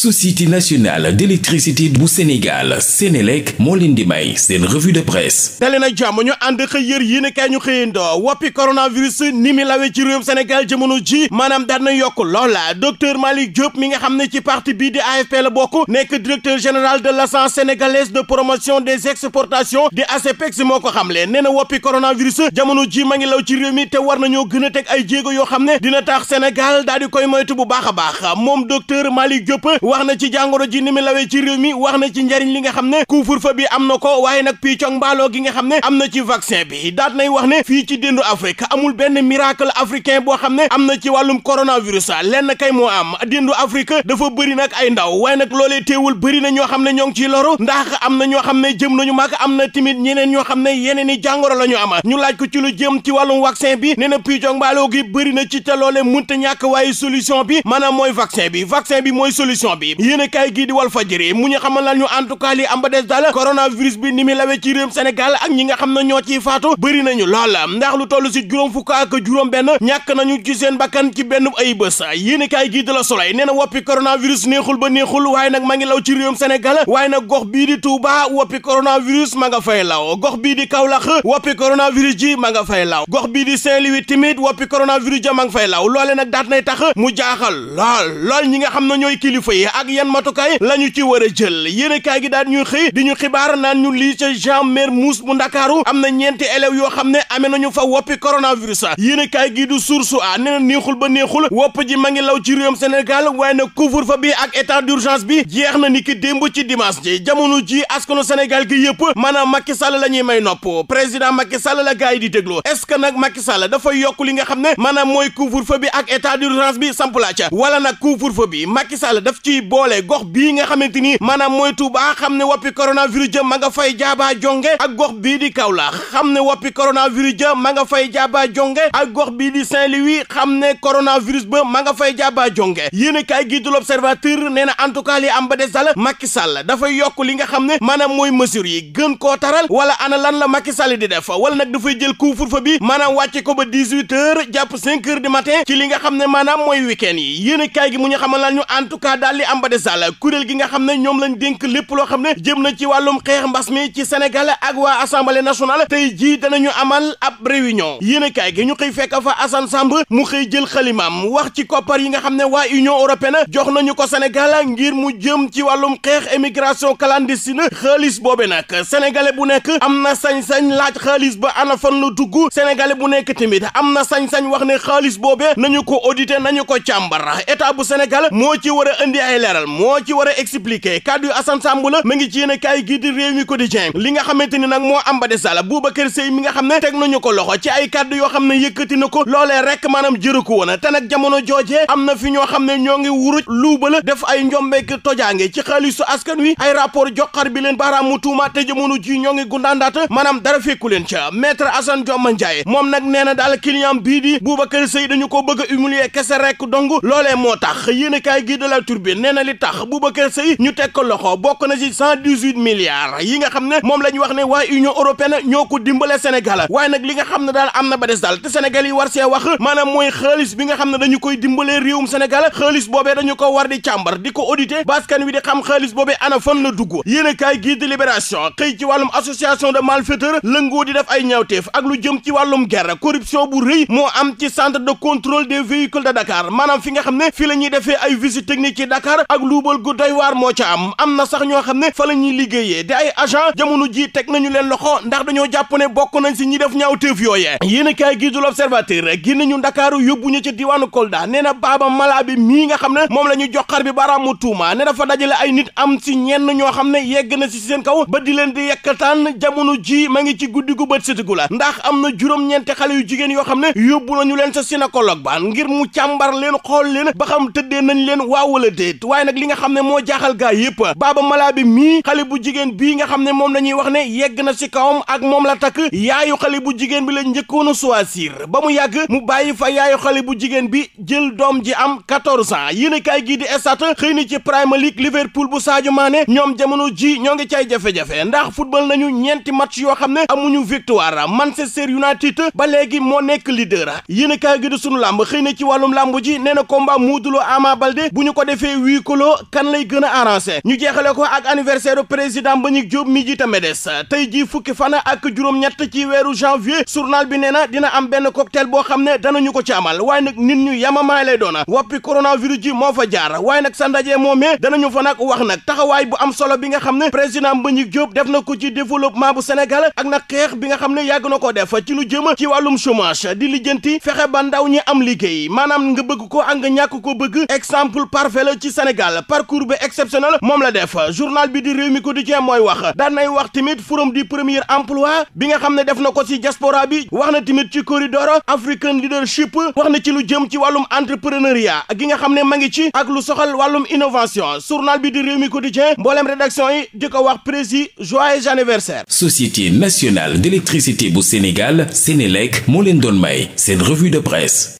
société nationale d'électricité bu Sénégal Sénélec moo leen di may seen revue de presse dalee nag jàmm ñu ànd xëy yër yéen a kaay ñu xëyandoo woppi coronavirus ni mi lawee ci réew Sénégal jamono ji maanaam daan na yokk loola docteur Malick Diop mi nga xam ne ci parti bii di AFP la bokk nekk directeur général de l'Agence sénégalaise de promotion des exportations di ASEPEX moo ko xamle nee na woppi coronavirus jamono ji ma ngi law ci réew mi te war nañoo gën a teg ay jéego yoo xam ne dina tax Sénégal daal di koy moytu bu baax a baax moom docteur Malick Diop wax na ci jàngoro ji ni mi lawee ci réew mi wax na ci njariñ li nga xam ne couvre-feu bi am na ko waaye nag piicong mbaaloo gi nga xam ne am na ci vaccin bi daat nay wax ne fii ci déndu Afrique amul benn miracle africain boo xam ne am na ci wàllum coronavirus lenn kay moo am déndu Afrique dafa bëri nag ay ndaw waaye nag loole teewul bëri na ñoo xam ne ñoo ngi ciy loru ndax am na ñoo xam ne jëm nañu mag am na tamit ñeneen ñoo xam ne yeneen i jàngoro la ñu am ñu laaj ko ci lu jëm ci wàllum vaccin bi nee na piicong gi bëri na ci te loolee ñàkk waaye solution bi maanaam mooy vaccin bi vaccin bi mooy solution bi yéen a kaay gii di Walf Fadjri mu ñu xamal la ñu en tout cas li am ba des daal coronavirus bi ni muy ci réewum Sénégal ak ñi nga xam ne ñoo ciy faatu bëri nañu lool ndax lu toll si juróom fukk juróom benn ñàkk nañu ci seen bakkan ci benn ay bés yéen a kaay gii di la Soleil nee na woppi coronavirus neexul ba neexul waaye nag ma ngi law ci réewum Sénégal waaye nag gox bii di Touba woppi coronavirus ma nga fay law gox bii di Kaolack woppi coronavirus ji ma nga fay law gox bii di Saint-Louis timit woppi coronavirus ja ma nga loole nag daat nay tax mu jaaxal lool lool ñi nga xam ne ñooy kilifa yi ak yan matukaay la ñu ci waree a jël yéenekaay gi daal ñuy xëy di ñu xibaar naan ñu lii ca Jean Mermoz bu Ndakaaru am na ñeenti élèves yoo xam ne amee nañu fa woppi coronavirus yéenekaay gi du source a nee na neexul ba neexul wopp ji ma ngi law ci réewum Sénégal waaye na couvre-feu bi ak état d'urgence bi jeex na ni ki démb ci dimanche ji jamono ji askanu Sénégal gi yëpp maanaam Macky Sall la ñuy may nopp président Macky Sall la gars yi di déglu est-ce que nag Macky Sall dafa yokk li nga xam ne maanaam mooy couvre bi ak état d'urgence bi samp laa wala nag couvre bi Macky Sall daf ci ciy boole gox bii nga xamante ni maanaam mooy Touba xam ne woppi coronavirus ja ma nga fay jaaba jonge ak gox bii di Kaolack xam ne woppi coronavirus ja ma nga fay jaaba jonge ak gox bii di Saint-Louis xam ne coronavirus ba ma nga fay jaaba jonge yéen a kaay gi du l'Observateur nee na en tout cas li am ba des dal Macky Sall dafay yokk li nga xam ne maanaam mooy mesures yi gën koo taral wala ana lan la Macky Sall di def wala nag dafay jël couvre-feu bi maanaam wàcce ko ba dix-huit heures jàpp cinq heures du ci li nga xam ne maanaam mooy week-end yi yéen a Ambadé Sall kuréel gi nga xam ne ñoom lañ dénk lépp loo xam ne jëm na ci wàllum xeex mbas mi ci Sénégal ak waa assemblée nationale tey jii dana ñu amal ab réunion yéenekaay gi ñu xëy fekk fa Assane Samb mu xëy jël xalimaam wax ci koppar yi nga xam ne waa Union européenne jox nañu ko Sénégal ngir mu jëm ci wàllum xeex émigration clandestine xaalis boobe nag sénégalais bu nekk am na sañ-sañ laaj xaalis ba ana fan lu dugg sénégalais bu nekk tamit am na sañ-sañ wax ne xaalis boobe nañu ko auditer nañu ko càmbar état bu Sénégal moo ci leeral moo ci war a kàddu yu Assane Samb la ma ngi ci yéen a kaay gii di réew mi quotidien li nga xamante ni nag moo am ba des daal Boubacar Seye mi nga xam ne teg nañu ko loxo ci ay kàddu yoo xam ne yëkkati na ko loolee rek maanaam jëru ko woon te nag jamono joojee am na fi ñoo xam ne ñoo ngi wuruj luuba la def ay njombeek tojaange ci xaalisu askan wi ay rapport joxar bi leen baaraamu tuuma te jamono ji ñoo ngi gundaandaata maanaam dara fekku leen ca maître Assane Dioma na daal client bii di Boubacar Seye ko bëgg a humilier kese rek dong loolee moo a nee na li tax Boubacar bokk na ci cent dix nga xam ne moom la ñu wax ne waa Union européenne ñoo ko dimbale Sénégal waaye nag li nga xam ne daal am na ba des daal te Sénégal yi war see wax maanaam mooy xaalis bi nga xam ne dañu koy dimbalee réewum Sénégal xaalis boobee dañu ko war di càmbar di ko audité baskan wi di xam xaalis boobee ana fan la dugg yéen a kaay gii di libération xëy ci wàllum association de malfaiteurs lëngoo di def ay ñaawteef ak lu jëm ci wàllum guerre corruption bu rëy moo am ci centre maanaam fi nga xam ne fii la ñuy defee ay visite technique ci Dakar ak luubal gu doy waar moo ca am am na sax ñoo xam ne fa la ñuy liggéeyee di ay agent jamono ji teg nañu leen loxo ndax dañoo jàpp ne bokk nañ si ñi def ñaaw téef yooye yéen a kaay gi du l'Observateur génn ñu Ndakaaru yóbbu ñu ci diwaanu Kolda nee na baaba malaa bi mii nga xam ne moom la ñu joxar bi baraamu tuuma ne dafa dajale ay nit am si ñenn ñoo xam ne yegg na si seen kaw ba di leen di yekkataan jamono ji ma ngi ci guddi gu bët setigu la ndax na juróom-ñeenti xale yu jigéen yoo xam ne yóbbu nañu leen sa gynécologue ba ngir mu càmbar leen xool leen ba xam tëddee nañ leen waaw wala waaye nag li nga xam ne moo jaaxal gaa yépp baaba malaa bi mii xale bu jigéen bii nga xam ne moom la ñuy wax ne yegg na si kawam ak moom la takk yaayu xale bu jigéen bi la njëkkoonu choisir ba mu yàgg mu bàyyi fa yaayu xale bu jigéen bi jël doom ji am 14 ans yéen kaay gii di estat xëy na ci Premier League Liverpool bu Sadio Mané ñoom jamono ji ñoo ngi cay jafe-jafe ndax football nañu ñeenti match yoo xam ne amuñu victoire Manchester United ba léegi moo nekk leader yéen kaay gi di làmb xëy na ci wàllum làmb ji nee na combat Modou Lo Ama Baldé bu ñu ko defee huis clos kan lay gën a arrangé ñu jeexale ko ak anniversaire président Mbagnick Diop mi jiite MEDES tey jii fukki fan ak juróom-ñett ci weeru janvier journal bi nee na dina am benn cocktail boo xam ne danañu ko ci amal waaye nag nit ñu yamamaay lay doona woppi coronavirus ji moo fa jaar waaye nag sa ndaje moomee danañu fa nag wax nag taxawaay bu am solo bi nga xam ne président Mbagnick jóob def na ko ci développement bu senegal ak nag xeex bi nga xam ne yàgg na ko def ci lu jëm ci wàllum chômage di lijjanti fexe ba ndaw am liggéey maanaam nga bëgg ko ak nga ñàkk ko Sénégal parcours bi exceptionnel moom la def journal bi di réew mi quotidien mooy wax daan nay wax tamit forum du premier emploi bi nga xam ne def na ko ci diaspora bi wax na tamit ci corridor african leadership wax na ci lu jëm ci wàllum entrepreneuriat gi nga xam ne ma ngi ci ak lu soxal wàllum innovation journal bi di réew mi quotidien mboolem rédaction yi di ko wax prési joyeux anniversaire. Société nationale d'électricité bu Sénégal Sénélec moo leen doon may seen revue de presse.